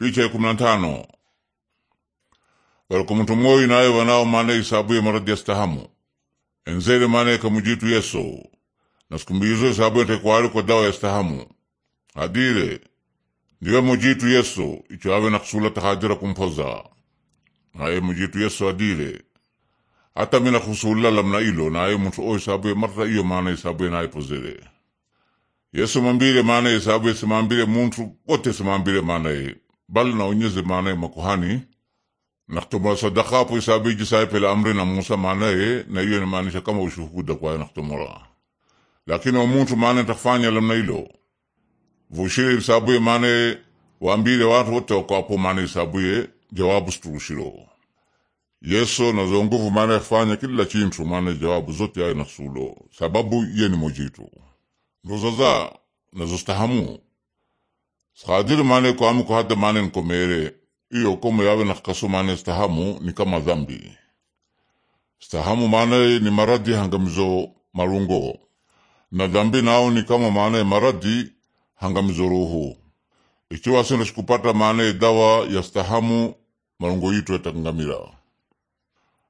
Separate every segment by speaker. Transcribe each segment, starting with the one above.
Speaker 1: picha ya kumi na tano walikomutu moyi naye wanao maana ya maradhi ya stahamu enzele maana ikamujitu yesu na siku mbizo isabuye ntakwari kwa dawa ya stahamu adire ndiwe mujitu yeso ichawe na kusula tahajira kumpoza naye mujitu yeso adire hata mina kusula lamna ilo naye muntu o ya marra iyo maana isabuye naye pozere yesu mambire maana isabuye simambire muntu wote simambire maana ye bali na naonyeze manaye makuhani na nakutomola sadaka hapo isabiji saye pela amri na Musa manaye na hiyo inamaanisha kama ushuhuda kwaye nakutomola lakini omuntu manaye takufanya lamna hilo vushire isabuye manaye waambile watu wote wakwapo manaye isabuye jawabu siturushilo yeso nazo nguvu manaye akufanya kila chintu manaye jawabu zote aye nasulo sababu ni mojitu ndozaza nazostahamu Sadiri mane kwamu kwa hata mane nkomere iyo komo yawe nakasu mane stahamu ni kama dhambi. Stahamu mane ni maradi hangamzo marungo na dhambi nao ni kama mane maradi hangamzo roho. Ikiwa sina sikupata mane dawa ya stahamu marungo yitu yatangamira.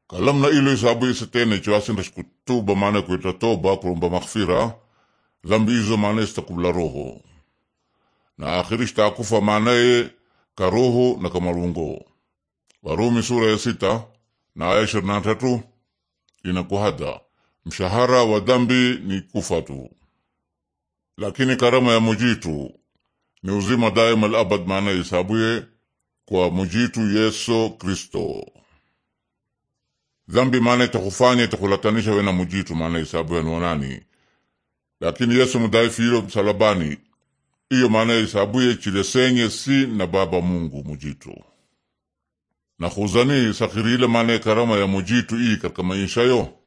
Speaker 1: Kalamna ilo isabu isitene ikiwa sina sikutuba mane kuita toba kuromba maghfira dhambi hizo mane istakubla roho na akhiri shtakufa maanaye karuhu na kamalungo Warumi sura ya sita na aya ishirini na tatu inakuhada mshahara wa dhambi ni kufa tu, lakini karama ya mujitu ni uzima daima alabad, maana isabuye kwa mujitu Yesu Kristo. Dhambi maana itakufanya itakulatanisha wena mujitu, maana isabuye nonani, lakini Yesu mudaifu filo msalabani iyo maana isabuye senye si na baba Mungu mujitu na khuzani sakhirile maana karama ya mujitu iyi karika maisha yo